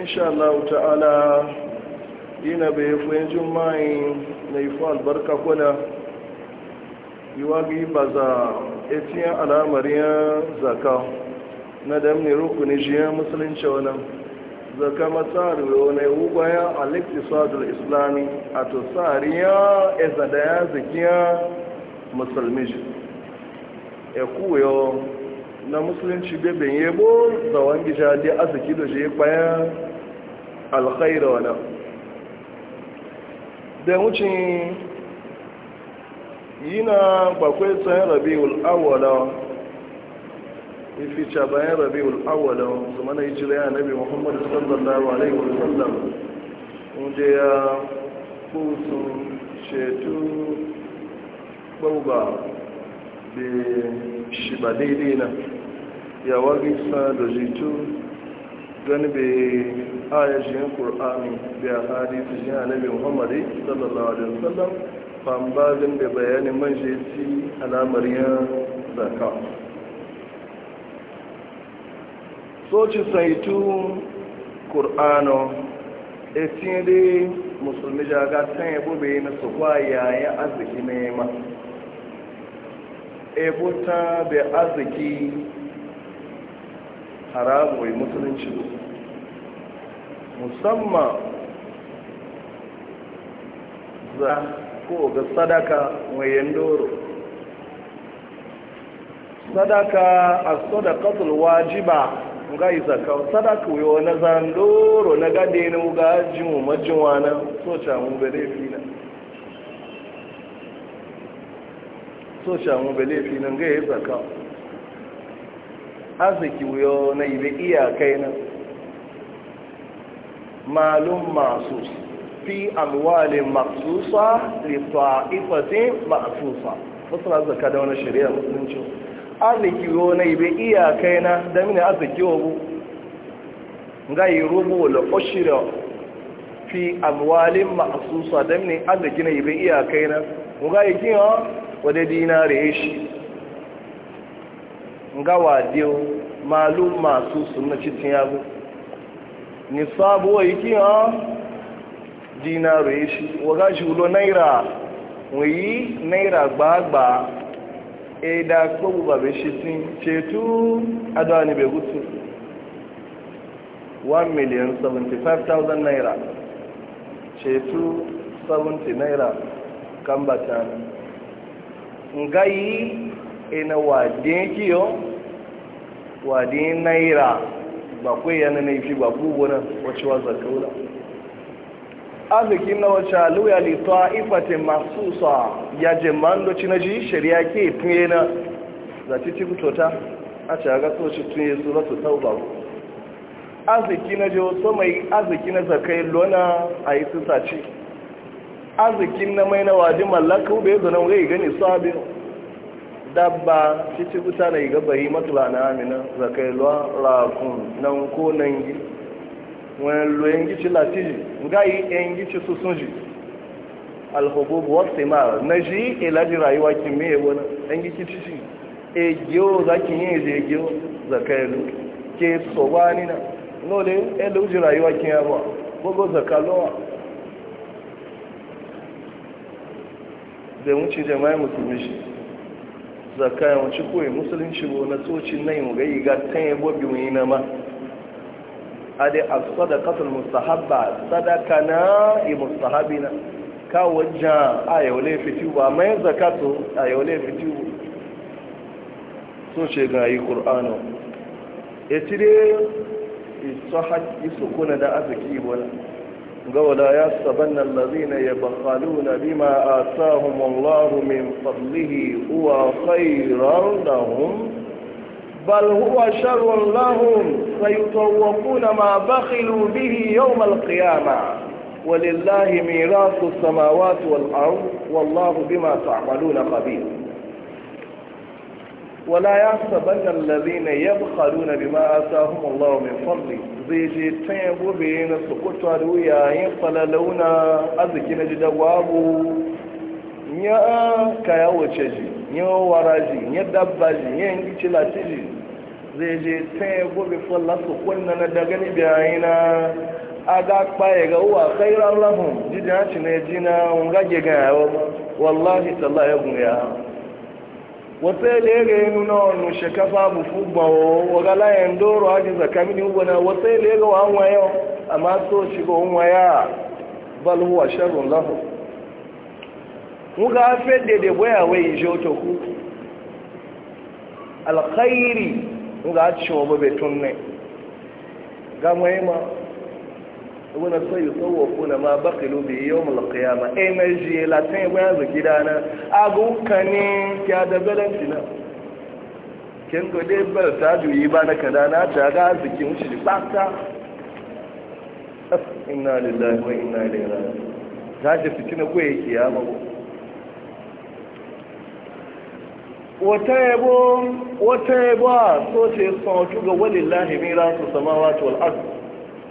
insha Allah ta'ala ina bai fuyin jimai na ifo albarka kuna yiwagi ba za alamar ya zaka na damni rukuni jiyar musulunci wani zaka matsari wani ugbayan sadar islami a ezada ya zikiya musulmi ya e kuwa na musulunci beben yabo da wangi a saki da shi bayan alkhairu wana da wucin yi na bakwai tsayin rabi'ul awwala ifica bayan rabi awwala su mana yi jira nabi muhammadu sallallahu alaihi wasallam wanda ya kusa shetu bauba da shi ba daidai na ya wagisa da jitu gani bai ayashin ƙur'ani da hadisi shi annabi muhammadu sallallahu alaihi wasallam fambazin da bayanin man shi alamar yin zaka soci saitu ƙur'ano etin de musulmi ga san yabo bai na su kwa yayin arziki na ma ebo ta bai arziki haramu wai musulunci musamman za ko ga sadaka wayan doro sadaka a sadakatul wajiba ga izaka sadaka yo na zandoro na gade ne ga jimu majiwa na so cha mu bele fina so cha mu bele fina ga izaka arziki wuyo na ibe iyakai na malum masu fi amwalin maksusa li ta'ifatin maksusa wasu na zaka da wani shirya musulunci arziki wuyo na ibe iyakai na da mini arziki wuyo ga yi rubu da ƙashira fi amwalin maksusa da mini arziki na ibe iyakai na ga yi kiyo wadda dinare shi nga wadiyo malum masu suna cikin yabo ni wa yi kiyan dinaru ya shi waga shi naira wuyi naira gbagba e da kogu babe shi sin cetu adani bai gutu 1 million 75,000 naira cetu 70 naira kan bata ina wadin kiyo wadin naira ba kwai yana na ifi ba kubunan wacce wa zakaula arzikin na wacce aluya lito a ifatin masu sa ya jeman doci na ji shari'a ke tunye na zaci cikutota a caga soci tunye su rasu tauba arziki na jiwo so mai arziki na zakai lona a yi su sace arzikin na mai na wadi mallaka bai zanen rai gani sabi dabba titi kusa na iga bayi matula na amina zakai lwa rakun nan ko nan gi wani lo yangi ci latiji nga yi yangi ci su sun ji alhububu wasu ma na ji ilaji rayuwa ki me wani yangi ki ci ci e giyo e za ki yi e je giyo zakai lu ke soba ni na nole uji e rayuwa ki ya ba gogo zakalowa da wuce jama'i musulmi shi zaka yawanci koyi musulunci bo na tsoci na yin gayi ga tan yabo biyu na ma a dai a sadakatul musahaba sadaka na yi musahabi na kawo jan a yau ne fitiyu ba mai zakato a yau ne ba. so ce ga yi ƙur'anu ya ci dai iso kuna da arziki wani ولا يحسبن الذين يبخلون بما آتاهم الله من فضله هو خيرا لهم بل هو شر لهم فيطوقون ما بخلوا به يوم القيامة ولله ميراث السماوات والأرض والله بما تعملون خبير wala ya saban nan lazina ya bukaru na bi ma'asa hun Allah mai fadli zai je tun gobe na sokoto da wuya yin falalauna arziki na jida babu ya kaya wace ji ya wara ji ya dabba ji ya yi gici lati ji zai je gobe falla sokon na na daga ni biyayi na aga kpaye ga uwa kairan lahun jidin hacci na ya ji na ngage ga yawa wallahi tallahi ya gun ya wata lere nuna wani shekafa bufu ba waga layan doro hajji zakamin yubana wata lere wa an wayo amma so shiga an waya balhu a sharrun lahu muka haifar da da waya wai ishe wata ku alkhairi muka haci ga muhimmanci wani so yi tsawo kuna ma bakilu bi yau mulkiya ma e mai ji latin bayan zuki dana agunka ne ya da belanci na kin ko bar ta juyi ba na kada na ta ga zuki mu shi fata inna lillahi wa inna ilaihi raji'un ta wata yabo wata yabo walillahi mirasu samawati wal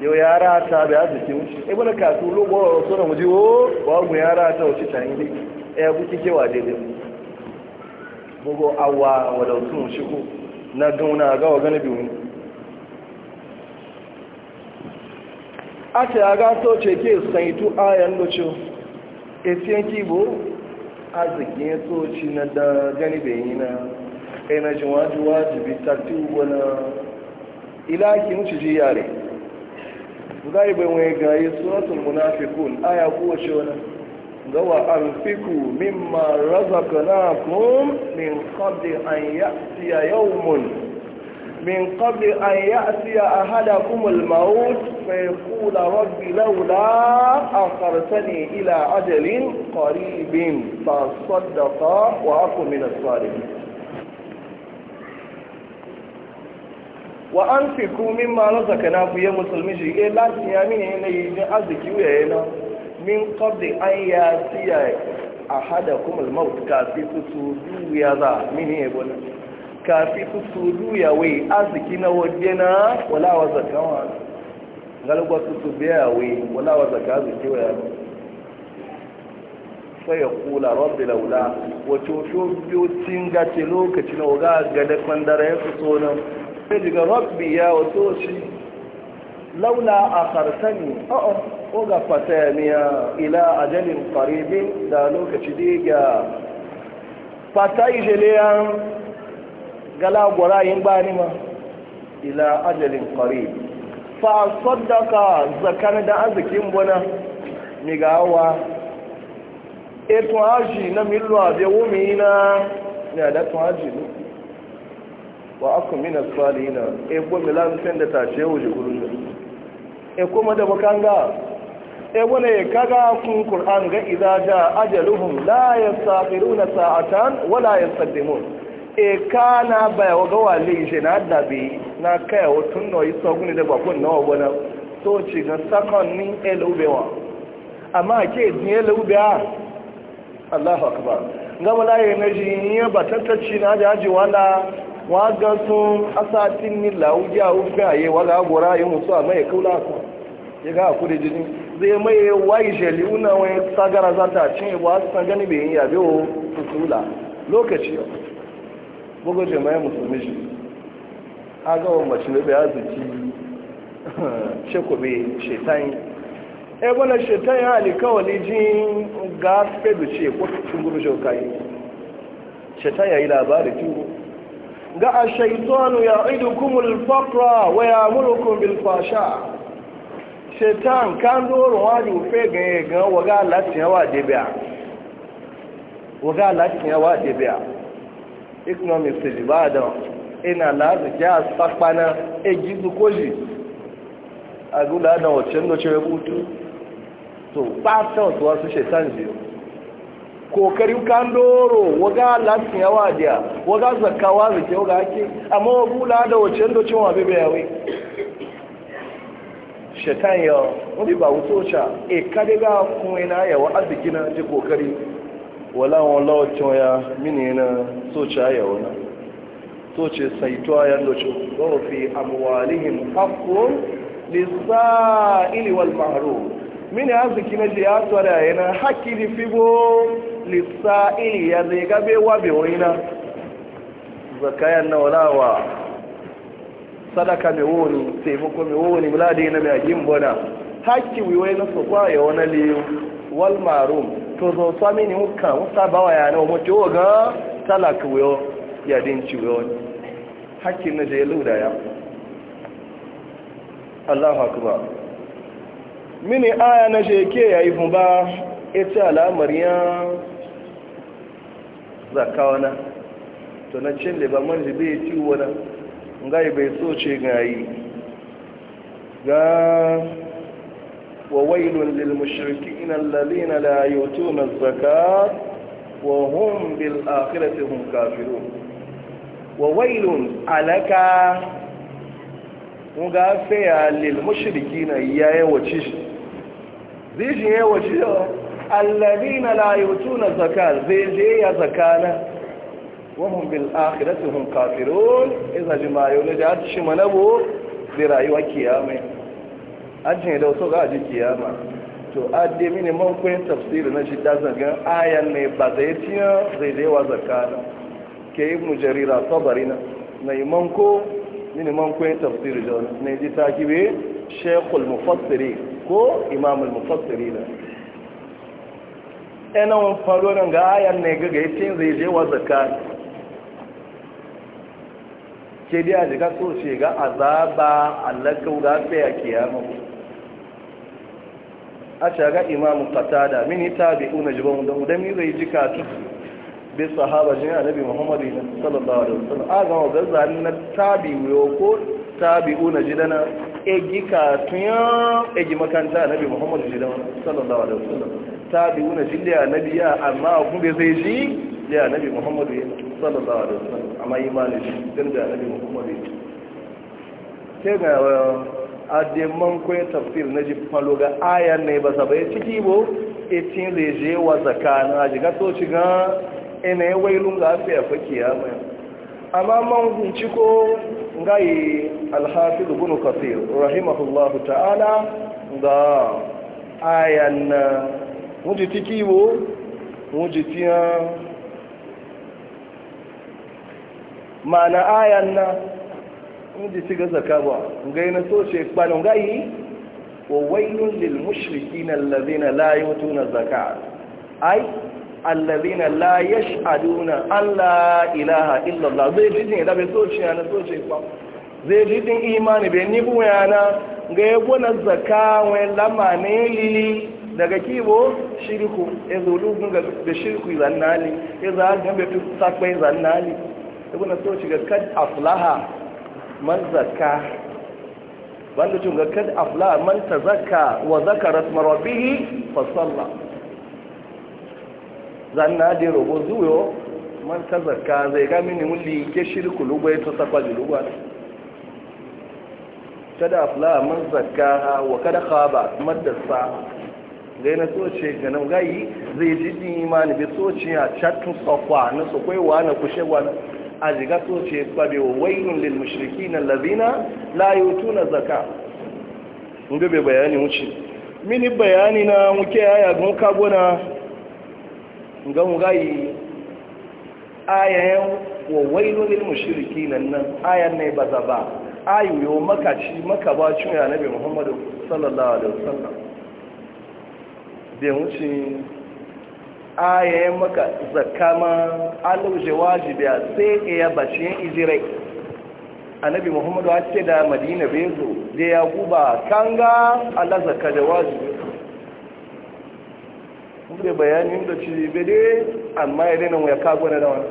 yau yara ta bai arziki wuce ebe na kasu lobo wasu na muji oh, wo ba mu yara ta wuce ta yi ya kuki e, kewa daidai gbogbo awa wadda sun shi ko na gauna gawa gani biyu a ta yaga so ce ke saitu ayan lucin etiyan kibo arzikin ya soci na da gani bayi na energy wajibi ta tuwa na ilakin ci ji yare zai bai wani gaye suratul munafikun aya kuwa shi wani gawa an fiku mimma kun min kabdi an yau yawmun min kabdi an a hada kuma maut mai kula rabbi a akhartani ila ajalin karibin ba saddaqa wa aqum min wa an fi kumin ma na fiye ku ya musulmi shi e lati ya mini yi jin arziki ya na min kabdi an ya siya a hada kuma maut kafi su su duya za mini ya gwada kafi su su duya wai arziki na waje na walawa zakawa galgwa su su biya wai walawa zaka arziki wa ya sai ya kula rabbi laula wato shi biyu cin gace lokaci na waga ga da ya fi so nan sai daga rabbi ya wato shi laula a harsani o'o ko ga fataniya ila ajalin karibin da lokaci dai ga fata gala galagwara yin bani ma ila ajalin karib fa saddaka zakar da arzikin bana gawa eto aji na milo abewumi na ne da to aji ne wa aku mina as-salina e ko mi lan san da ta ce wuje gurin da e kuma da bakanga e wala kaga kun qur'an ga idza jaa ajaluhum la yastakhiruna sa'atan wa la yastaqdimun e kana ba wa ga wale je na dabe na kai wa n'o yi soguni da bakun nawa wala so ci ga sakon ni elubewa amma ke ni elubewa Allahu akbar ngamala la yana ji ni ba tantacci na jaji wala waga sun asatin ni lauja ufe aye ga gora yi musu a mai kaula ku ya ga kudi jini zai mai wai jeli una wai sagara za cin ba su san gani bai yabe o kusula lokaci bugu jama'i musulmi shi a ga wa ya ne bai shekwabe shetan ebe na shetan ya alikawali ga الشيطان يعدكم ya ويأمركم بالفحشاء شيطان كان دور واجي وفي غا وغا لا تيوا ديبيا وغا لا تيوا ديبيا economic sejibada ina ị na sakpana egizu koji agula na wacce ndo cewa butu to ba ta wasu wasu shaitan kokari kan doro waga lati yawa dia waga zakawa ke waga ake amma wa bula da wace ndo cin wa bebe yawe shetan yo wani ba wuto cha e kade ga kun ina ya wa azgina ji kokari wala wala wato ya mini na so cha ya wala so ce saito ya ndo ci go fi amwalihim haqqun lis-sa'ili wal mahrum mini azgina na ji ya tsara yana hakki bo ili ya zai gabe wa bewina zakayan na walawa sadaka mai wuni taimako mai wuni mulade na mai agin bona haki wiwe na su kwaye wani liyu walmarum to zo sami ne muka musa bawa yana wa oga ga talaka wiyo ya dinci wiyo haki na jailu da ya Allahu akbar mini aya na ya yi fun ba ita al'amariyan zakawa na to na cin da ba man ji bai ci wani ngai e bai so ce ga yi ga wa wailun lil mushrikin alladhina la yutuna zaka, zakat wa hum bil akhirati hum kafirun wa wailun alaka mun ga fa lil mushrikin yayi Zai shi zai yayi yawa. الذين لا يؤتون الزكاة zai je ya zakana wahum bil akhirati hum kafirun idza jimayu ne da shi manabo zai rayuwa kiyama da wasu ga ji kiyama to adde mini man kun tafsiri na shidda zagan ayan ne ba zai tiya zai je wa zakana ke ibn jarira sabarina na man ko mini man kun tafsiri ne ji mufassiri ko imamul na. ɗanan faruwar ga ayan ne gaga yace zai je wa zaka ke dai a jika so ce ga azaba allaka ga tsaya kiyama a shaga imamu katada mini tabi'una jiban da udami zai ka tuki bi sahaba a nabi muhammadu sallallahu alaihi wasallam a gama gazzani na wuyo ko jida na egi ka tuya egi makanta nabi muhammadu jida sallallahu alaihi wasallam tabi'una jin da annabi ya amma kun bai sai shi da annabi Muhammadu sallallahu alaihi wasallam amma imani shi dan da annabi Muhammadu ya ke ga uh, adde man ko tafsir na ji falo ga ayan ne ba sabai ciki bo etin reje wa zakana ji ga to ci ga ene wailun ga afiya fakiya mai amma man hunci ko ngai al-hafiz ibn kathir rahimahullahu ta'ala ga ayan wọ́n ti tí kí wo wọ́n ti tí hàn ma'ana ayan na wọ́n ti tí ga zaka ba ga yi na so ce kpanin gayi wa wailun lil mushriki na lalazina la wato na zaka ai allazina la yash'aduna an la ilaha illallah zai jidin ya dabe so ce na so ce kwa zai jidin imani bai nibu buya na ga yabo na zaka wani lama ne lili daga kibo shirku ya zolu da shirku zannali e za a gambe tu sakwai zannali ibn so shiga kad aflaha man zakka wanda tun ga kad aflaha man tazakka wa zakara isma rabbih fa salla zannadi robo zuyo man tazakka zai ga mini mulli ke shirku lugwai e to sakwa lugwa kada aflaha man zakka wa kada khaba madda sa'a gai na soce ga nan gai zai ji din imani bi soce a chatun sokwa na sokwai wa na kushe wa a jiga soce kwabe wa wailun lil na lazina la na zaka inda bai bayani wuce mini bayani na muke yaya gun kabona gan gai ayayen wa wailun lil na nan ayan ne bazaba ayu yo makaci makabacin cin ya nabi muhammadu sallallahu alaihi wasallam da wuce yi maka zakama alaushe wajibi a sai ya bashi yin ijirai annabi muhammadu ake da madina bezo da ya guba kanga Allah zakka da wajibi wadda bayanin da ci bede amma ya renan ya kago na dawa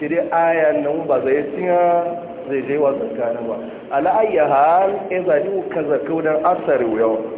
ke dai ayan nan ba zai tiya zai je wa zakka na ba ala ayyahan e zali ka zakka dan asari yau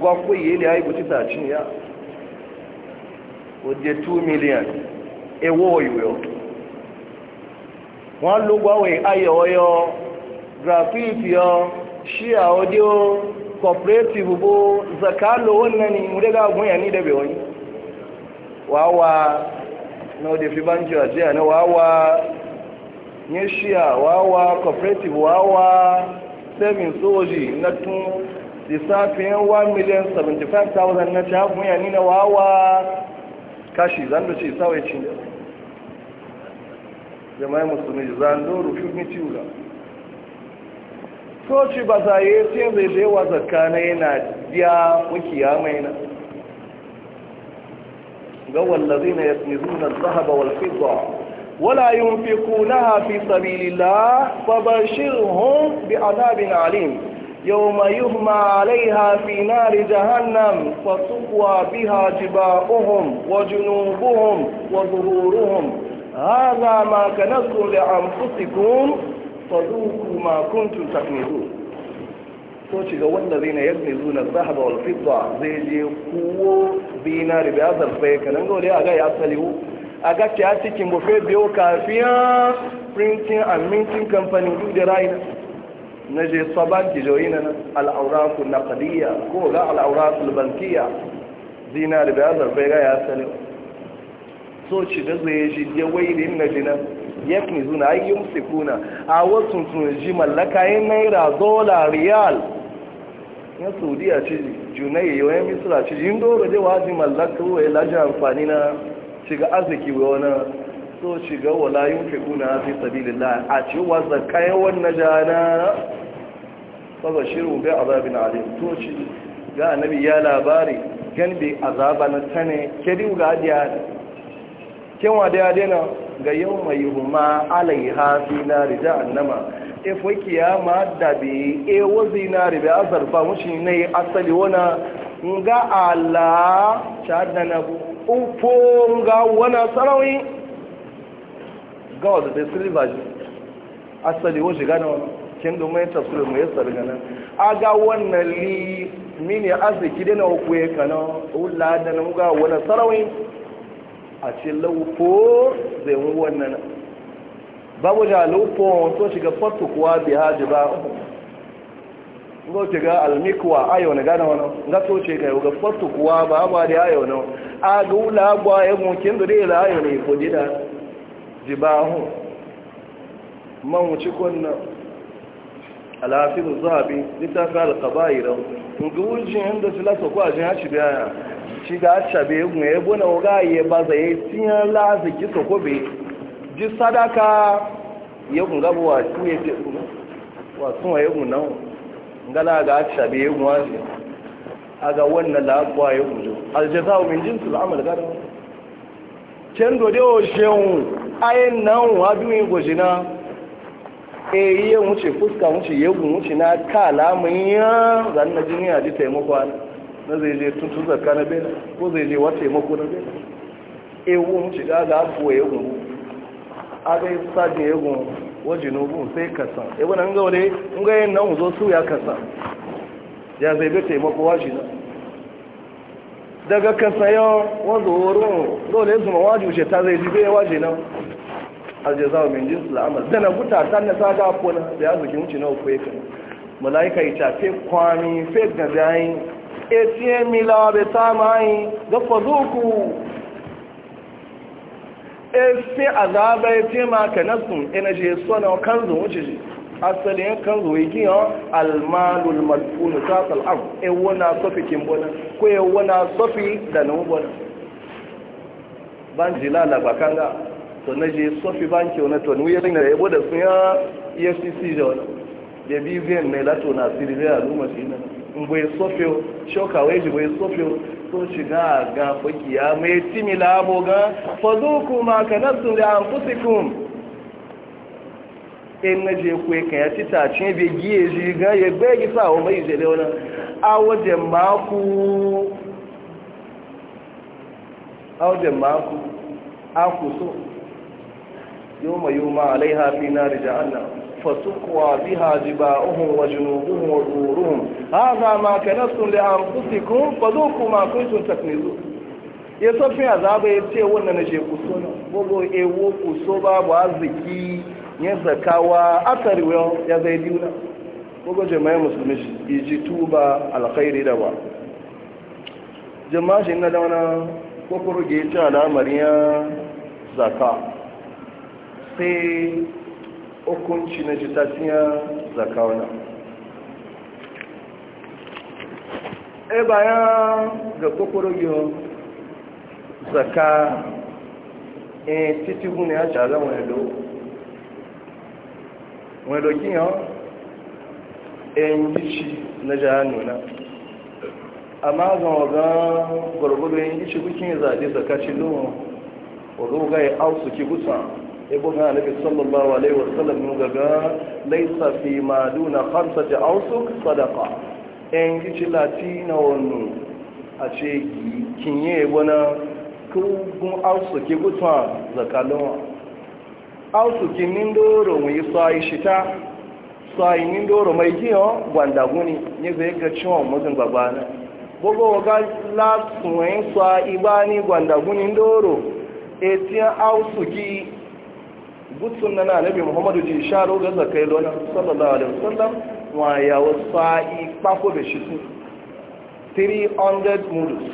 gwakwai yi da ya yi buci tacin ya wadda 2 miliyan ewo yiwu wọ́n ló gbáwẹ̀ ayọ̀ọyọ̀ graffiti yọ ṣíà ọdíò cooperative bó zaka lówó nani múdégá gúnyà ní ìdẹ́bẹ̀ wọ́n wàá wà náà dé fi báńkì àti àná wàá wà ní ṣíà wàá wà cooperative wàá wà sẹ́mìn sóòjì nátún lissafin 1 million 75,000 na shafin ya nina wawa kashi zan da ce sawai cin da jama'i musulmi zan do rufi mi ciwula soci ba za yi sai zai da yawa zakka na yana biya mukiya mai na ga wallazi na yasmizuna zahaba wal fidda ولا ينفقونها في سبيل الله فبشرهم بعذاب عليم يوم يهمى عليها في نار جهنم فتقوى بها جباؤهم وجنوبهم وظهورهم هذا ما كنتم لأنفسكم فذوقوا ما كنتم تكنزون so shiga wallazina yaknizuna dhahaba wal fidda zai je kuwo dinari da azarfa kanan gole aga ya salihu aga ta cikin bufe biyo kafiya printing and minting company duk da raina na je saban ki joyi na al'auraku na kadiya ko ga al'auraku bankiya zina da bayan zarfai ga ya sani so ci da zai ji ya wairi na jina ya kni zuna ai yin sikuna a wasu sun ji mallaka yin naira dola riyal ya saudiya ci junai yau ya misira ci Yin doro je wa ji mallaka wa ya laji amfani na shiga arziki wa wani so shiga wala yin fi'una fi sabilillah a cewa zakayen wannan jana saboda shiru bai azabin alim to shi ga annabi ya labari gan bi azaba na tane kedi ga adiya kenwa da ya dena ga yau mai huma alaiha fi na rija annama efo kiyama da bi e wazi na ribe azarfa mushi ne asali wana nga ala chadana bu upo nga wana sarawin god da silver ji asali wo gano na kin do mai tafsir mai yasar gana aga wannan li mini aziki da na kuye kana ulla da nan ga wala sarawin a ce laufo zai mu wannan babu da laufo to shiga fatu kuwa bi haji ba ngo ce ga almikwa ayo na gano wannan ga to ce ga ga fatu kuwa ba ba da ayo na aga ula ba ya mu kin do la ayo ne ko dida jibahun man wuce kunna alhafizu zabi littafi alkabayiran ga wujin yadda su lasa kuwa jin haci biya shi ga haci be gun ya gona wuga ya ba zai tiya lazi kisa kobe ji sadaka ya gun gaba wa su ya ce wa tun wa ya gun nan gana ga haci be ya gun wani a ga wannan labuwa ya gujo aljaza min jinsu al'amal gara. kendo dai o shehun aye nan hadu yin goji na e yi fuska wuce yegun wuce na kaala alamun ya na jini a ji na zai je tuntun zarka na bela ko zai wa taimakwa na bela e wuce ga ga abuwa yegun aga yi sajin yegun wajen ogun sai kasa e wani an ya ya daga kasayon wanda horon dole su ma waje wuce ta zai ji bai waje nan aljaza wa minjin sulamar da na guta ta nasa sa ga na. da ya zuki wuce na ukwe kan malaika ita fe kwami fe ga dai atm e mila be ta mai ga fazuku e fe azaba e atm ka nasu ina e je so na kan zo wuce asali ya kan zuwa yi ya almalul madfunu ta sal'am e wana sofi kimbona ko e wana sofi da na ubona ban jila la bakanga to na je sofi ban ke wani to nuyi rin da yabo da sun ya efcc da wani da bvn ne lato na siri sirve al'umma shi nan ngwe sofi shoka wai ji wai e sofi to shiga ga fakiya mai timila boga faduku ma kanatsu da anfusikum E na-eji kuwe kanya tita chioma ihe ji ya eji saa o ma ị je ndo na. A waje mba ha ku ha waje mba ha ku ha kuso. Yooma yooma alaihe fi na rija ana. Fazu ku ha bi ha ziba ohu ha zhinọgụ ha zaa ma kene tụle ha nkuzi ku ha zọọku ma kutu ha tafiyuzo. Ya sa fe a zaa bụ ebi je kuso na. Bụ ewu eh, kuso bụ ha zịkị. ya zakawa akari wa ya zai duna na kogo jama'in musulmi shi ji tuba alkhairi da ba jama'a shi na dauna kokoro ga yi cin al'amari ya zaka sai hukunci na jitasiya zaka wana e baya ga kokoro yi zaka e titi gune ya ci al'amari da wani dokin yawon yan gici na nuna. amma zan waga gwargwado yan gici kukin zaɗe zakacin lomo waga ga ya ausu ki gusa ibu ga nabi sallallahu alaihi wasallam mu gaga laisa fi ma duna khamsati ausuk sadaqa yan gici latina wannan a ce kinye wani kogun ausu ki gusa zakalon autukin nindoro mai sai shita sai nindoro mai jiyo gwanda guni ni zai ga ciwon mutum babana gbogbo ga su sai ba ni gwanda guni ndoro etiyan ki. gutsun na nabi muhammadu ji sharo ga zakai lona sallallahu alaihi wasallam wa ya yi pako da shi 300 mudus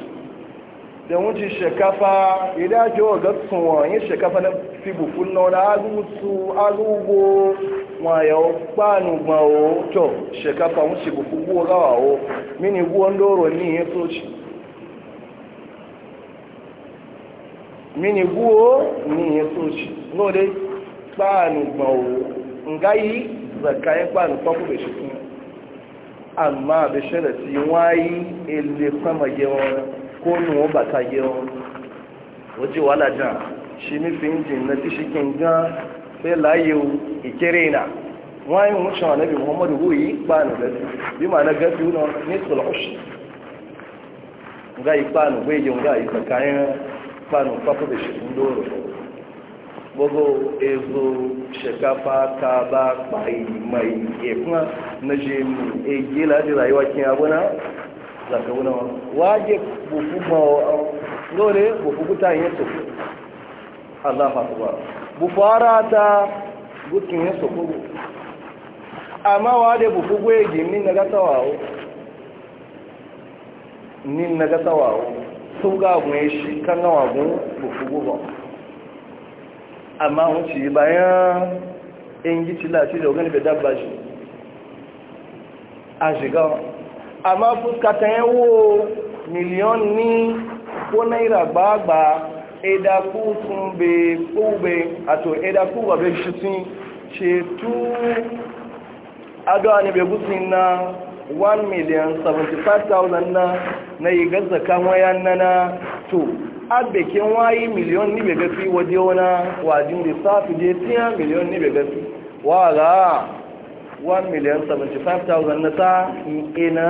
da wuce shekafa idan ake ga gutsun wa yin shekafa na fìbò fún náà agúntù agúgbò wọn àyàwó páànù gbọ̀n ó tọ̀ ṣẹ̀kápá ń ṣe gbogbo gbó ráwà ó mí ni gbó ń lóró ní ìyẹn tó mí ni ní ìyẹn fún àbẹ̀ṣẹ̀lẹ̀ wọ́n á yí pàmò kó nù shi nufin jinnati shi kin gan sai layewu ikere na Wani wucin annabi muhammadu huyi ikpanu da gafi bi ma na gafi na nisul ushi ga yi kpanu gbeje ga yi tsakanin kpanu kwafu da shi ndoro gbogbo ezo shekafa ta ba kpai mai ekuna na je mu egi ladi rayuwa kin abuna zaka wuna waje bufu ma lore bufu kuta yin tofu Allah akbar bufara ta gukin ya sokugo amma wa da bufugo ya gimi na gatawawo nin na gatawawo sun ga gun shi kan nawa gun bufugo ba amma wuce bayan in gici lati da wani dabba shi a shiga amma fuska ta yawo miliyon ni ko naira gbagba ẹ̀dàkú tun be kube àtò ẹ̀dàkú wa be shutin shetu ado ani be gusin na 1 na yìí yi ká wọ́n yá nana to agbẹ̀kẹ́ wọ́n yí miliyon ni be gafi waje wana wajin da safi je tiya miliyon ni be gafi wala 1 1,075,000 na ta ina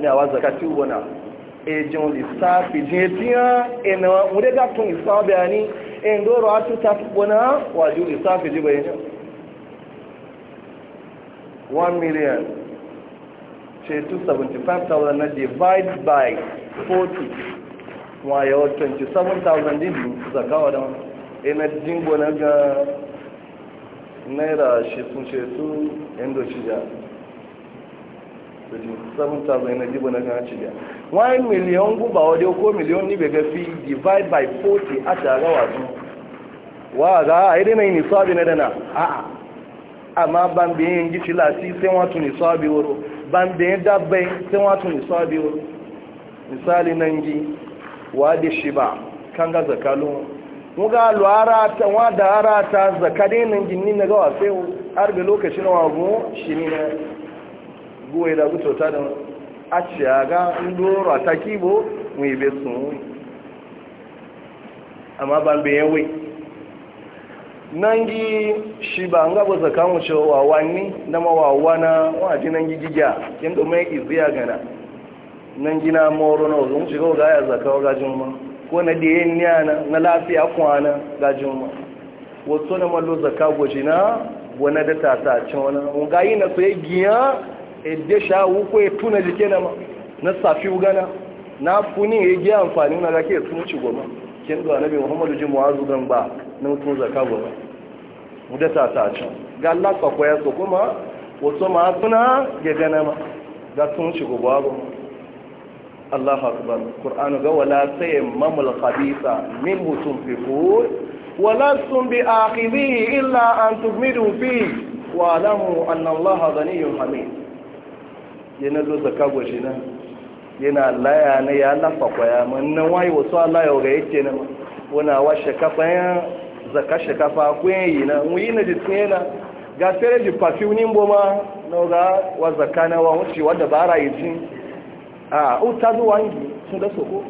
na wa zakati na. ejin lissafi jetiya ina wuri ga tun lissafi bayani in doro a tuta tukuna waju lissafi ji bayani 1 million ce 275,000 na divide by 40 wayo 27,000 din zakawa da wani ina jingo na ga naira shi sun ce su indo shi 7,000 na jibo na kan cibiya 1 miliyan guba wadda ko miliyan ni bega fi divide by 40 a tara wasu wa za a yi na yi nisabi na dana a ah, a ah. amma ban biyan yin gici lati sai wato nisabi wuro ban biyan dabbai sai wato nisabi wuro misali nan gi wa da shi ba kan ga zakalu mu ga luwara ta wada ara ta zakadin nan gini na gawa sai arbe lokacin wago shi ne na guwe da guto ta da a ce a ga ndoro a taki bo mu ibe sun amma ban be yawe nangi shi ba nga bo zaka mu ce wa wani da ma wa wana wa ji nangi gigiya kin do mai iziya gana Nan gina moro na zo mu ci ga ya zaka ga jumma ko na da yin yana na lafiya kwana ga jumma wato na mallo zaka goji na wani da tata cin wani ga yi na giya? ede shawu ko ya tuna jike na ma na safi gana na funi ya giya amfani na zake ya tuna ci goma kin zuwa nabi muhammadu ji muwazu gan ba na mutum zaka goma mu da ta ta can ga Allah ka koya so kuma wato ma tuna ya gana ma ga tun ci goma ba Allah akbar Qur'anu ga wala tayammamul khabitha minhu tunfiqun wala tum bi akhidhihi illa an tubmidu fi wa lamu anna Allah ghaniyyun hamid yana zo zaka gwashi na yana laya na ya lafa kwaya man wayi wasu Allah ga yake na wana washe kafa ya zaka shakafa kafa kwen yi na wi na ji tsena ga fere ji perfume bo ma no ga wa zaka na wa wuce wanda bara yi jin a uta zo wangi sun da soko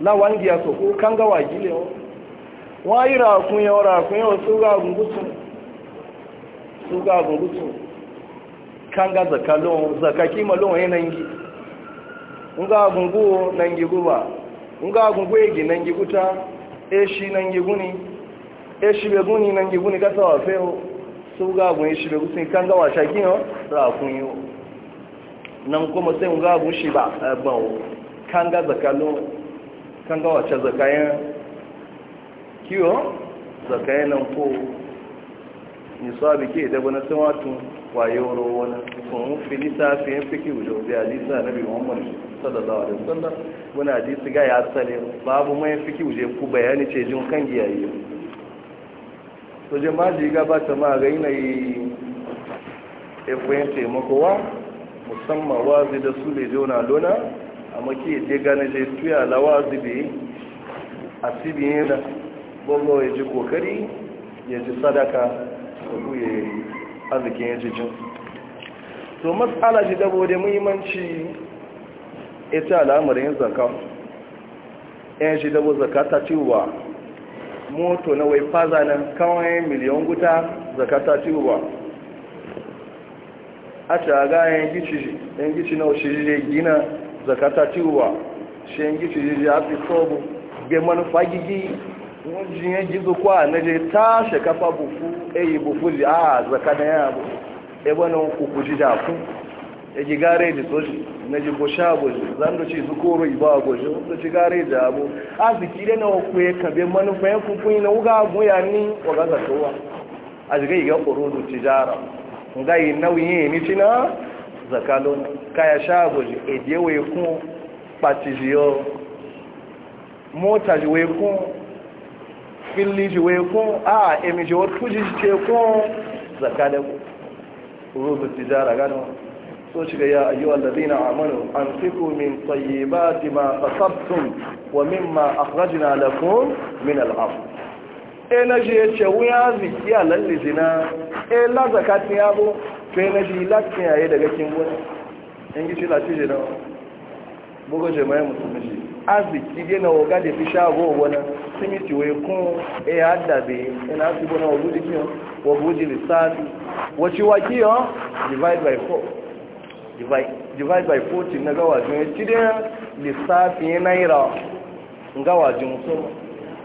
na wangi ya soko kan ga wagile o wayi ra kun ya ra kun ya su ga gungutu su ga gungutu kanga zaka lon zaka kakima lon ena ingi unga gunguo na ngi guba nga gungwegi na ngi guta eshi na ngi guni eshi beguni na ngi guni kata wa feo so nga gun eshi begusi kanga wa shakino ra kunyo na mkomo sai unga gun shi eh, ba bawo kanga zaka lon kanga wa cha zaka yan kiyo zaka yan ko ni sabi ke da bana watu wayo rowan kun fi lissafin fiki wujo da hadisa nabi muhammad sallallahu alaihi wasallam wani hadisi ga ya sale babu mai fiki wuje ku bayani ce jin kan giyayi to ma ga ba ta ma ga ina yi efuyen taimakowa musamman wazi da su da jona lona a maki je gane je tuya la wazi bi a sibiyin da gwamnati ya ji kokari ya ji sadaka ko ya yi arzikin ya jin to matsala ji dabo da muhimmanci ita al'amarin zaka yan shi dabo zaka ta ciwa moto na wai faza nan kawai miliyan guta zaka ta ciwa a caga yan gici na shi gina zaka ta ciwa shi yan gici a fi sobu ga manufa gigi wajen ya gizo kwa na je ta shakafa bufu eyi bufu li a zaka na ya bu ebe na kuku ji dafu e ji gare ji soji na ji bosha boji zan da ci zukoro iba goji da ci gare ji abu a ziki da na ku ya kabe manufa ya kuku na wuga mu ya ni wa gaza towa a jiga iga kurudu tijara nga yi nauyin ni tina zakalon kaya sha goji e je we kun patijiyo mota ji we kun ji wai kun a emi tuji fuji ce kun zaka da rubu tijara gano so ga ya ayyu allazina amanu anfiqu min tayyibati ma kasabtum wa mimma akhrajna lakum min al-ardh ena ya ce wuya a lalle zina e la ya yabo to ena ji ya yi daga kin gona in gishi la tije da bugo jama'a musulmi arziki dai na waga da fi shago wani simiti wai kun e eh, hada be ina su bana wa guji kiyo wa guji lissafi wace wa kiyo divide by 4 divide by 40 na gawajin ya ci dai lissafi ya naira gawajin so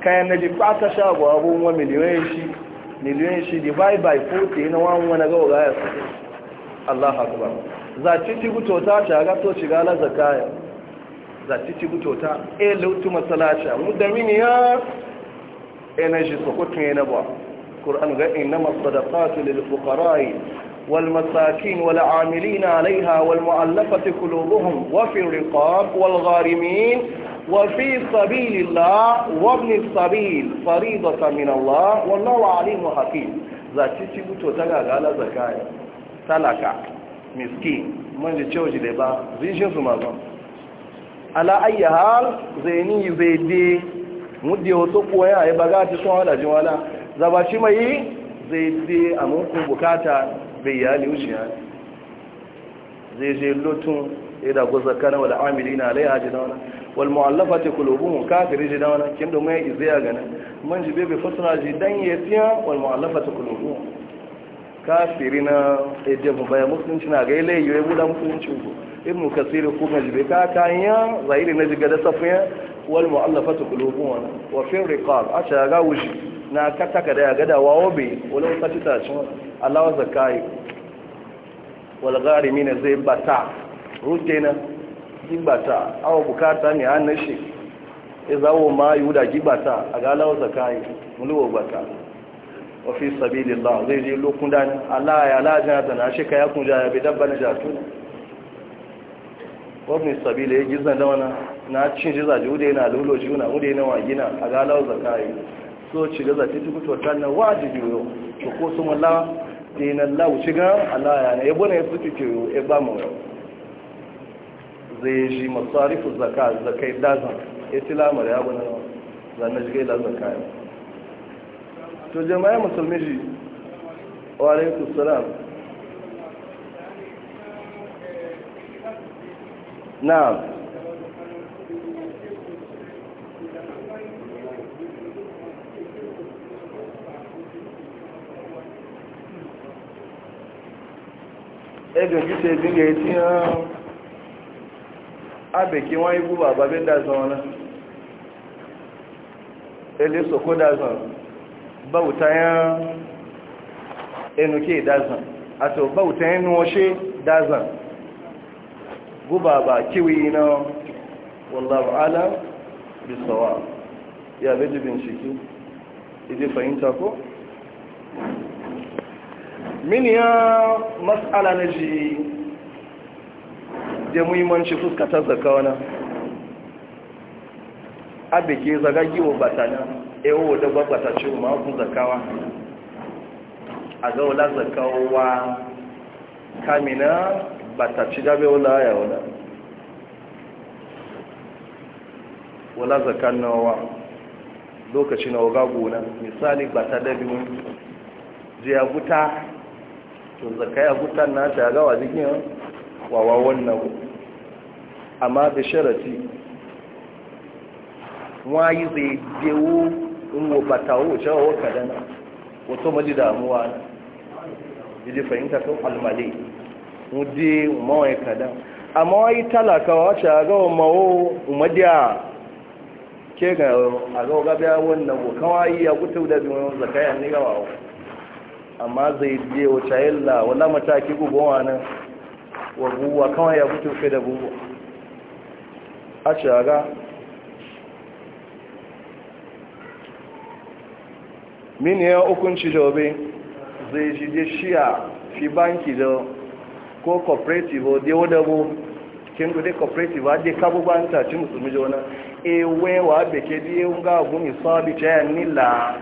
kayan na ji fata shago abubuwa miliyoyin shi miliyoyin shi divide by 40 na wani wani gawa gaya su Allah akbar za ci ci guto ta ta ga to shiga la zakaya za ci ci butota e lautu masalata mu energy sokotun yana ba qur'an ga inna masadaqatu lil fuqara'i wal masakin wal amilina alaiha wal mu'allafati wa fi riqab wal gharimin وفي سبيل الله وابن السبيل فريضة من الله والله عليم ذاتي تبوتو زكاية مسكين من لبا ala ayi hal zai ni zai de mudde wato ya ai e baga ta so wala jiwala zaba mai zai de amukun bukata bai yali wuciya zai je lotun ida go zakana wal amilina alaiha jidana wal mu'allafati qulubuhum kafir jidana kin do mai izaya gana man jibe be fasra ji dan yatiya wal mu'allafati qulubuhum kafirina ejje baya musulunci na ga ile yoye buda musulunci ko ibn kasir kuma jibe ka kanya zahiri na jiga da safiya wal mu'allafatu qulubuhum wa fi riqab acha ga wushi na kataka da ga da wawo be walau sati ta shi Allah wa zakai wal gharimina zai bata rutena gibata aw bukata ne an shi izawo ma yuda gibata a ga Allah wa zakai muluwa bata wa fi sabilillah zai je lokun dan Allah ya lajana da na shi kai kun ja ya bi dabba na jatuna wabin sabila ya gizan da wani na cin jiza ji wude na lulo ji wuna wude na wagina a galau zakayi so ci gaza ti tukuto ta na wajibi yo to ko su mala ti na lau ci ga ala ya yabo na ya suke ci ya e ba mu zai ji masarifu zaka zakai dazan itilamar e ya bona zanna ji gaila zakai to jama'a musulmi ji wa alaikum na'am ẹgbẹ̀n kí ṣe ìgbìngẹ̀ tí wọ́n ábẹ̀kí wọ́n ibú bàbá bí dázan wọn náà ẹlẹ́ sọ̀kó dázan báwùtá yán ẹnu kí dázan àti báwùtá yán ní wọ́n ṣe dázan guba ba kiwi na wallahu ala bisawa ya beji binciki idi fahimta ko min ya matsala na ji da muhimmanci fuskatar zaka wani ke zagagi wa batana ewu eh, da gbagbata ce ma kun zakawa a zaula zakawa kamina Bata gábé ó láàyà ọ̀nà wọ́n lázàká náà nawa lokaci na waga gona misali bata ta da biyu je ya guta to zaka ya guta na ta ga wa jikin wawa wannan amma da sharati wayi zai jewo in wo batawo cewa wa kadana wato maji damuwa na ji fahimta kan almalai wuje mawai kada amma wai talaka wace a gawa mawo umadiya ke ga a gawa gabiya wannan ko kawai ya kuta da biyu an ne gawa amma zai je wace yalla wala mataki gubowa nan wa guwa kawai ya kuta fi da gugu. a ga. min ya hukunci jobe zai shi je shiya fi banki da ko cooperative dai wadda bu kin gude cooperative dai kabu ba ta ci musulmi jona e wewa be ke di e, un ga gun isabi ta ni nila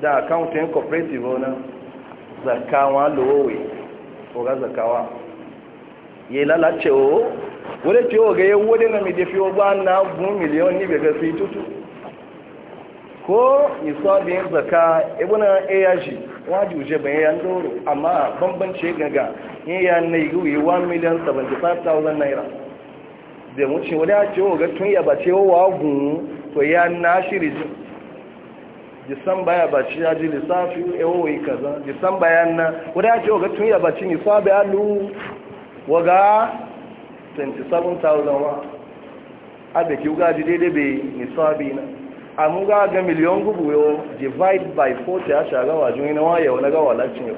da accounting cooperative ona zakawa lowe ko ga zakawa ye la la che o wore ti o ga ye wode na mi de fi o ba na gun million ni be ga fi tutu ko isabi zaka ibuna e eyaji wajuje bayan doro amma bambance gaga in ya na yi 1 million 75,000 naira da wuce wani a cewa ga tun ya bace wa gungun to ya na shiri ji disamba ya ba ya yaji lissafi yi kaza disamba ya na wani a cewa ga tun ya ci ni sabi alu waga 27,000 wa da ki wuga ji daidai bai ni sabi na amuga ga miliyon gubu yau divide by 40 a shagawa juni na wayewa na gawa lacin yau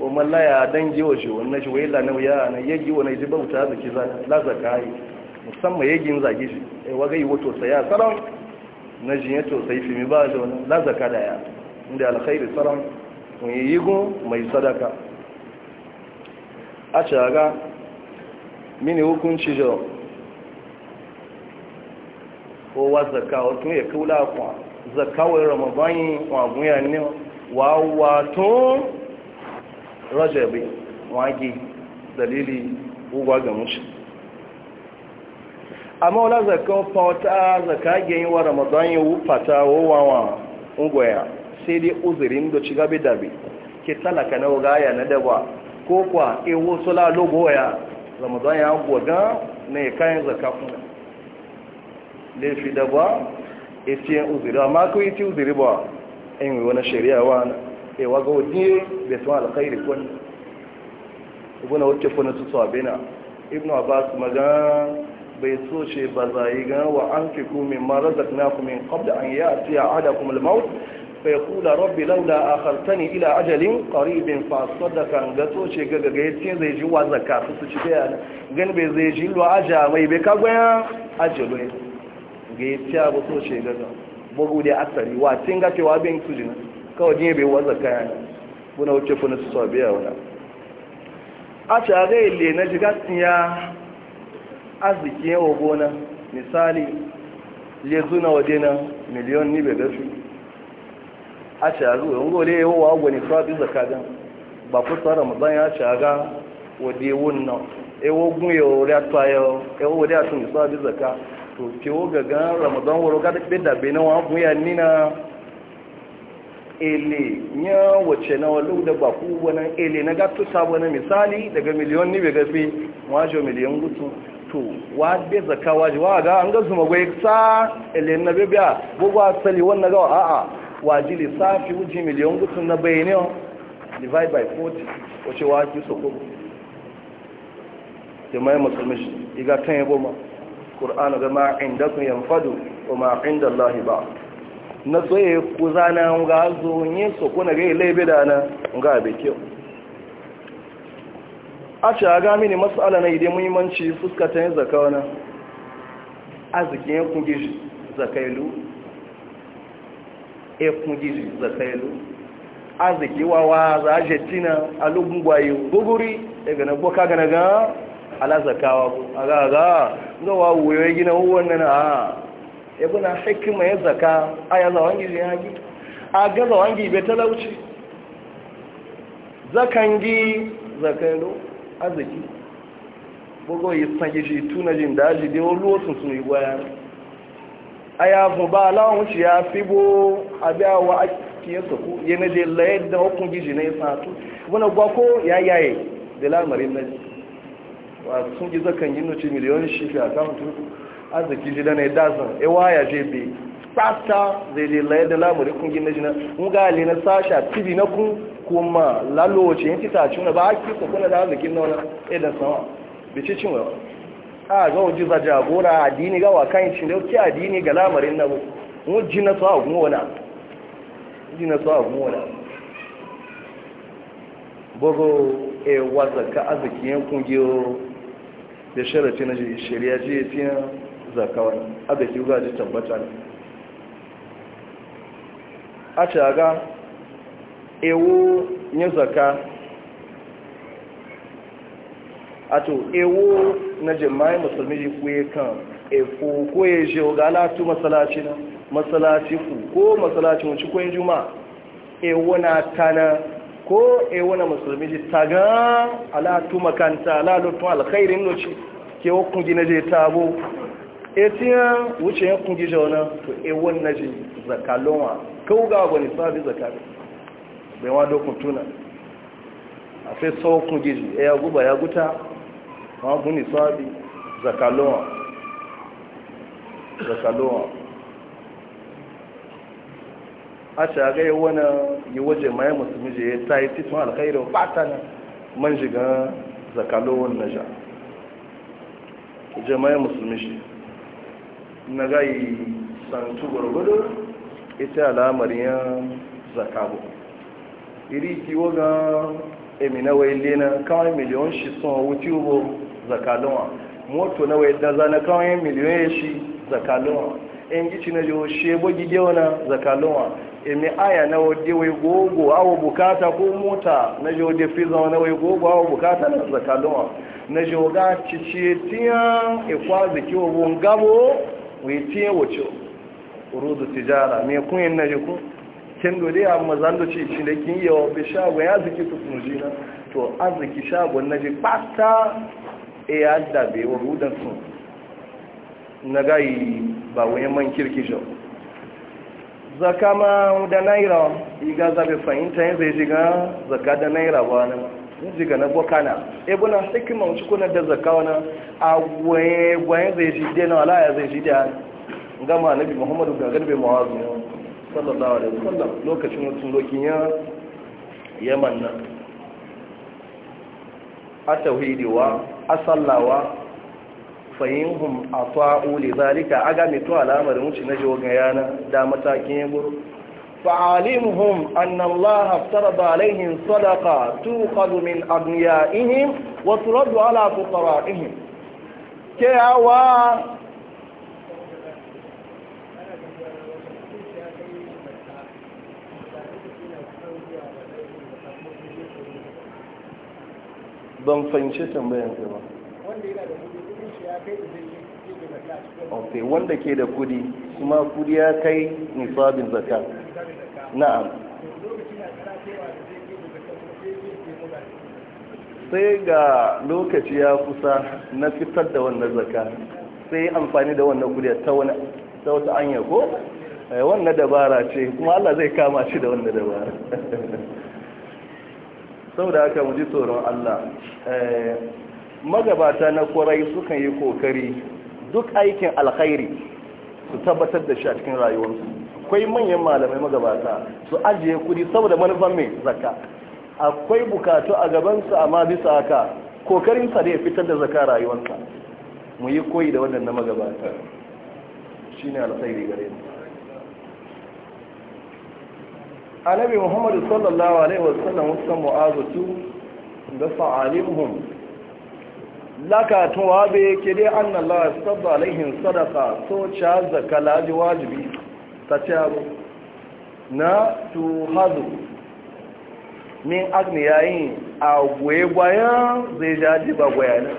o malla ya dan wa shi wannan shi wayla na ya na yagi wannan ji bauta zaki za la zakai musamman yagin zage shi ai eh, waga yi wato saya saran na jin yato sai fi mi ba da wannan la zaka da ya inda alkhairi saran mun yi go mai sadaka a ga mini hukunci jo ko wa zaka o tun ya kula kwa zakawar ramadan wa gunya ne wa wato rajabi wage dalili ugwa ga mushi amma wala zaka fata zaka gayin wa ramadan ya wufata wawawa ungwaya sai dai uzurin da ci gabe dabe ke talaka na na daba ko kwa ewo sula logoya ramadan ya gwaga na ya kayan zaka kuma laifi daba etiyan uziri amma ko eti uziri ba in wani shari'a wani e waga waje bai tun alkhairi kun ibuna wacce kuna su sabina Ibn abbas magana bai so ce ba yi ga wa an fi ku min ma razaqnakum min qabl an yi a ya'ti ahadakum kuma lamau fa kula rabbi A hartani ila ajalin qaribin da kan ga so ce ga ga yace zai ji wa zaka su ci daya Gani bai zai ji lo aja mai bai ka gwaya ajalo ga yace abu so ce ga bugu da asali wa tinga cewa bin su jinan kawai jin bai wanza kayan buna wuce funa su sa biya wuna a shagaya ile na jigatin ya arziki yawa gona misali lezu na waje na miliyon ni bai gasu a shagu yan gole yawa wa gwani fabi zakagan ba ku tsara mazan ya shaga waje wunan ewo gun yawa wuri atayo ewo wuri atun isa bi zaka to kewo gagan ramadan wuro gada bai da na wa gun ya nina ele nya wace na walau da ku wani ele na gato sabo na misali daga miliyon ni bai gafi wajo miliyon gutu to wa be zaka waje wa ga an ga zuma gwai sa ele na be biya bugu asali wannan ga a a waji lissafi wuji miliyon gutu na bayani divide by 40 wace wa ki so ko jama'a musulmi iga kan yabo ma qur'anu ga ma indakum yanfadu wa ma allahi ba na tsoye ku zana nga zo su kuna ga ilebe da na ga be kyau a ce a ga mini matsala na idan muhimmanci fuskatan yin zaka wani arzikin ya kungi ilu ya kungi zakailu arziki wawa za a jettina a gwaye guguri daga na boka gana ga ala zakawa a ga ga ga wa ya gina wannan a ibn hikima mai zaka aya zawangi ya gi a ga zawangi bai talauci zakangi zakano arziki bugo yi sange shi tuna jin daji da wani losun sun yi gwaya a ya fi ba alawan wuce ya fi bo wa a kiyar sako yana da layar da hukun gizi na ya satu wani gwako ya yaye da lamarin na ji wa sun ji zakan yi nuce miliyon shi fi a kamfin arziki ji da ne dazan ewa ya je bi tsata zai je laye da lamuri kun gina jina ngali na sasha tibi na kun kuma lalowace yin tita cuna ba ake ku kuna da arzikin na wani edan sama ce cin wa a ga wajen za jagora addini ga wa kan cin dauki addini ga lamarin na mu jina su a gona jina su a wana bugu e wasa ka arzikin kungiyo da ce na shari'a ce tiyan zakawa abe ki ga ji tabbata a caga ewu nye zaka to ewu na jama'i musulmi ji kuye kan efo ko ya je ga alatu masalaci na masalaci ku ko masalaci wuce kuyen juma ewu na tana ko ewu na musulmi ji taga alatu makanta alatu alkhairin noci ke wakun gina je tabo etiyan wuce ya kungi jauna to e wannan ji zakalonwa kawo ga wani sabi zakari bai wa dokun tuna a sai tsawo kungi ji e ya guba ya guta ma guni sabi zakalonwa zakalonwa a ce a gaya wani yi waje maye musulmi je ya ta yi titin alkhairu ba ta nan man shiga zakalowar naja jama'a musulmi shi na gai santu gwargwado ita alamar yan bu iri kiwo ga emina wai lena kawai miliyon shi sun wuce ubo zakalonwa moto na wai daza na kawai miliyon ya shi zakalonwa in gici na jiho shebo gidewa na zakalonwa emi aya na wadde wai gogo awo bukata ko mota na jiho da fi zama na wai gogo awo bukata na zakalonwa na jiho ga cice tiyan ikwa e kiwo gabo witi wuce ruzu tijara me kun yin naji ku kin dole amma zan da ci shi da kin yi wa bi shago ya ziki ku tunji na to arziki shago naji pasta e ya da be wa rudan sun na gayi ba wani man kirki jo zaka ma da naira iga zabe fahimta yanzu ya shiga zaka da naira ba na jiga na bokana ebuna hikima wuce kuna da zaka wani agwaye zai shi dena ala ya zai shi da gama nabi muhammadu ga garbe mawazu sallallahu alaihi wasallam lokacin mutum lokin ya yaman nan a tauhidiwa a sallawa fahimhum a fa'uli zalika ga mitu alamar wuce na jiwo yana da matakin ya فعالمهم أن الله افترض عليهم صدقة توقض من أغنيائهم وترد على فقرائهم كيوا don fahimci tambayan ba zai ok wanda ke da kudi kuma kudi ya kai nisabin zakat na'am sai ga lokaci ya kusa na fitar da wannan zaka sai amfani da wannan kudi ta wani ta wata anya ko eh, wannan dabara ce kuma Allah zai kama shi da wannan dabara saboda haka mu ji tsoron Allah eh, magabata na kwarai sukan yi kokari duk aikin alkhairi su tabbatar da shi a cikin rayuwarsu akwai manyan malamai magabata su ajiye kudi saboda manufan mai zaka akwai bukatu a gabansu amma bisa haka kokarinsa da ya fitar da zaka rayuwarsa mu yi koyi da waɗannan magabata shi ne alkhairi gare mu annabi muhammadu sallallahu alaihi wasallam wasan mu'azatu da fa'alimhum laka tuwa be ke dai annallaha sallallahu sadaka sadaqa so cha zakala wajibi tace abu na tuhadu min agni yayin a goye gwaya zai jaji ba gwaya na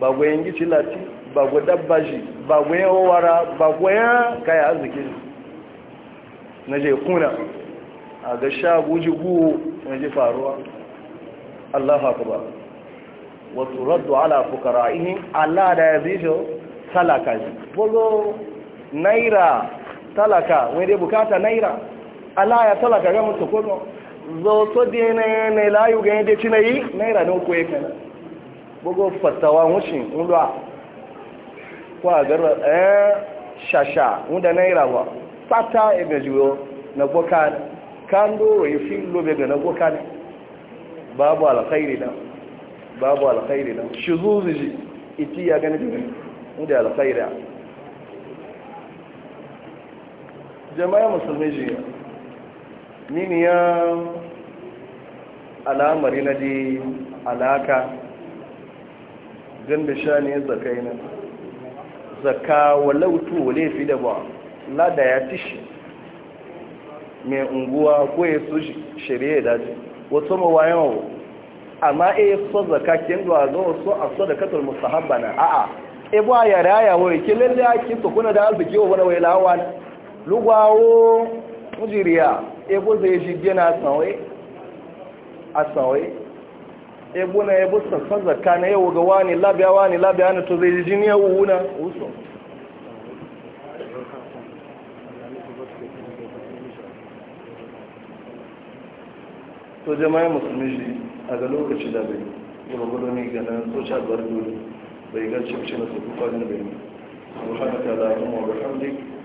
ba gwayen gici lati ba gwa dabba shi ba gwayen wara ba gwayen kaya arziki na je kuna a ga sha guji guhu na ji faruwa Allah haka ba wato raddu ala fukara ihin Allah da ya zai shi talaka Bolo naira talaka wai dai bukata naira ala ya talaka ga mutu kono zo so dai ne na layu ga yadda ci yi. naira ne ko yake bugo fatawa mushi ulwa kwa gar eh shasha unda naira ba fata e ga na boka Kando do yi fillo be ga na boka ne. babu alkhairi da babu alkhairi da shuzuzi iti ya gani da alkhairi jama'a musulmi jiya mini ya al'amari na di alaka gan da sha ne yi na zaka walautu wale fi da ba lada ya tishi mai unguwa ko ya su shirye da ji wasu mawayan wa amma e so zaka kin a zo so a so da katar mustahabba na a'a e ba ya raya wai kin lalle kin to kuna da arziki wa wani wai lugwawo mujiriya ebo zai shi gina a sanwai ebo na ebo sassan zaka na yau ga wani labiya wani labiya na to zai ji jini yau wuna uso to jama'a musulmi shi a ga lokaci da bai gurgudu ne ga nan social barbudu bai ga cikin su kuka ne bai subhanaka allahumma wa bihamdika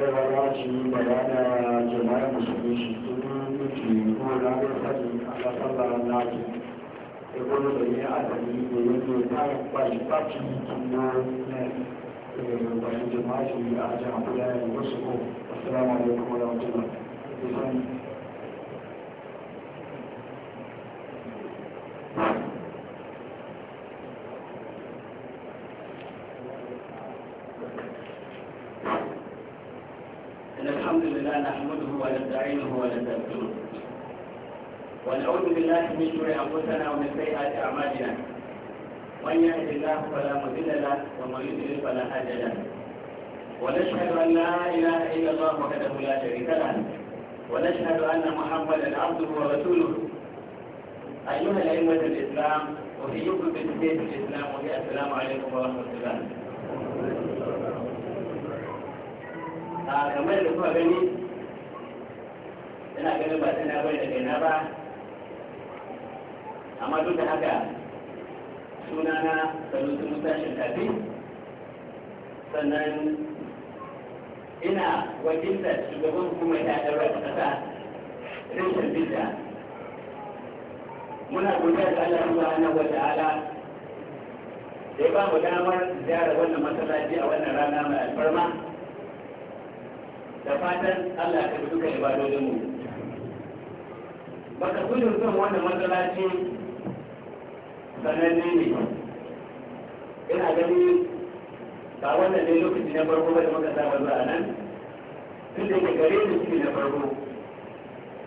ranar shi da rana jama'ar musulmi shi tun yi ko na da sani a kasar da naki da kuma da ne a sani da yake ta bashi baki kuma na bashi jama'a shi a jama'a da wasu ko assalamu alaikum warahmatullahi الله فلا مضل له ومن يضلل فلا هادي له ونشهد أن لا إله إلا الله وحده لا شريك له ونشهد أن محمدا عبده ورسوله أيها الأئمة الإسلام أحييكم بتحية الإسلام وهي السلام عليكم ورحمة الله kamar da kuka gani ina ganin ba sai na bai da kaina ba amma duk da haka sunana sanusi musa shinkafi sannan ina wakiltar shugaban hukumar ya ɗaura ta ƙasa rashin bidda muna godiya ga Allah subhanahu wa ta'ala da ya ba mu damar ziyara wannan masallaci a wannan rana mai alfarma da fatan Allah ta bi duka ibadodinmu baka gudun son wannan masallaci sananne ne ina gani ba wannan ne lokaci na farko ba da muka saba zuwa nan tun da ke gare ni shi na farko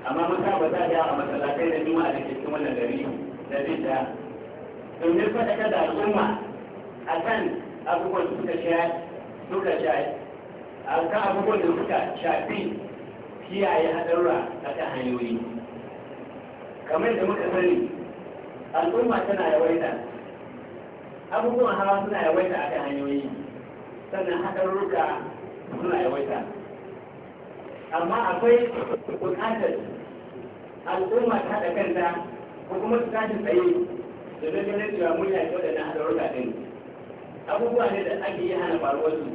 amma mun saba za a a masallatai da juma'a da ke cikin wannan gari na bidda domin faɗaƙa da al'umma a kan abubuwan da suka suka a kan abubuwan da suka shafi kiyaye haɗarura a kan hanyoyi kamar da muka sani al'umma tana yawaita abubuwan hawa suna yawaita a kan hanyoyi sannan haɗarurruka suna yawaita amma akwai buƙatar al'umma ta haɗa kanta ko kuma su tashi tsaye da zai ganin cewa mun yaƙi waɗannan haɗarurruka ɗin abubuwa ne da ake yi hana faruwar su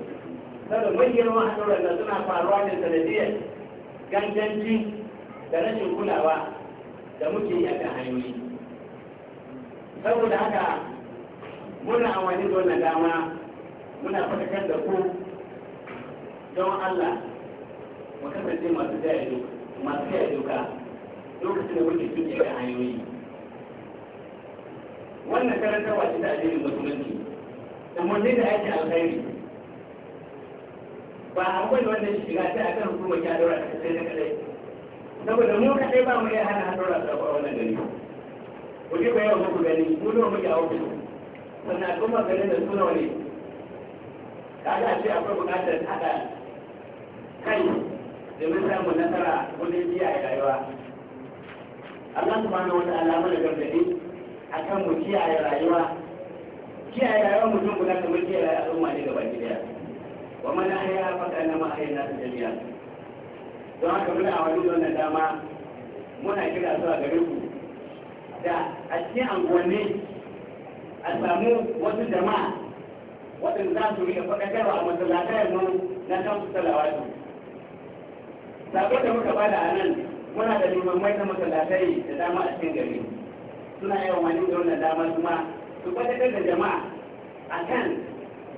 saboda manyan haɗarurruka da suna faruwa ne sanadiyar ganganci da rashin kulawa da muke yi a kan hanyoyi saboda haka muna amfani da wannan dama muna fatakar da ku don Allah mu kasance masu jaya masu jaya doka lokacin da kuke tuke da hanyoyi wannan karantarwa ce ta addinin musulunci umarni da ake alkhairi ba a wani wannan shiga sai a kan hukumar ya daura ta sai na kadai saboda mu kadai ba mu iya hana hadura da wannan gari ku je ku yawa ku gani mu nawa muke a ofis sannan al'umma garin da su nawa ne kaga ce akwai buƙatar haɗa kai domin samun nasara wajen kiyaye rayuwa Allah subhanahu wa ta'ala mana gargadi akan mu kiyaye rayuwa kiyaye rayuwar mutum guda kamar kiyaye al'umma ne gaba ɗaya wa man ahya fa kana ma ahya nasu jami'a don haka muna a wani wannan dama muna kira zuwa gare ku da a cikin anguwanni a samu wasu jama'a waɗanda za su rika faɗakarwa a masallatai yanzu na kan su salawatu sabo da muka bada a nan muna da limamai na masallatai da dama a cikin gari suna yawan wani da wannan dama kuma su faɗakar da jama'a a kan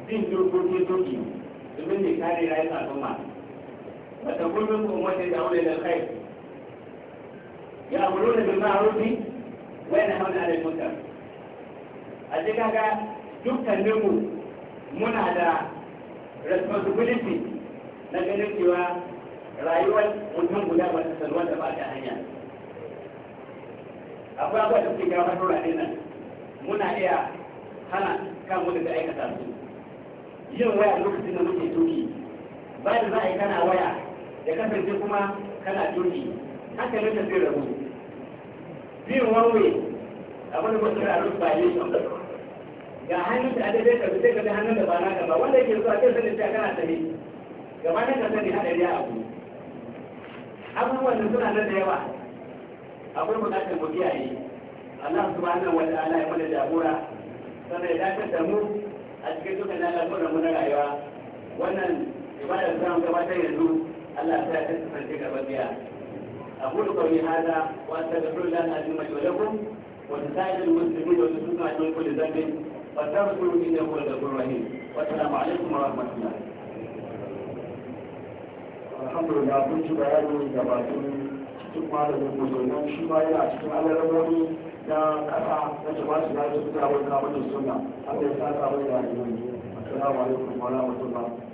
bin dokokin doki domin ne kare rayuwar al'umma wata kullum kuma wata da wani da kai ya amuru da bin ma'arufi wayan hauna alal munkar a ji kaga dukkaninmu muna da responsibility na ganin cewa rayuwar mutum guda ba ta salwar da ba ta hanya akwai abuwa da suke gaba rura ne nan muna iya hana kan wani da aikata su yin waya lokacin da muke tuki bayan za a yi kana waya ya kasance kuma kana tuki haka ne ta zai rabu biyu warwe abin da mutum a rufa yi ga hannun da aka zai karbi sai ka hannun da ba naka ba wanda yake zuwa kai sanin cewa kana sani gaba na ka sani hadari a abu abubuwan da suna nan da yawa akwai bukatar mu kiyaye Allah subhanahu wa ta'ala ya mana jagora sannan ya dakatar da mu a cikin dukkan al'amuran mu na rayuwa wannan ibadar da mu gabatar yanzu Allah ya sa ta kasance gaba biya أقول قولي هذا وأستغفر الله العظيم لي ولكم ولسائر المسلمين والمسلمين عن كل ذنب فاستغفروا إنه هو الغفور الرحيم والسلام عليكم ورحمة الله alhamdulillah kun ji bayani da cikin malamin musulman shi ma yana cikin alarmoni na kasa na jama'a su za su fita kamar da suna abin sa kamar da yanzu assalamu alaikum wa rahmatullah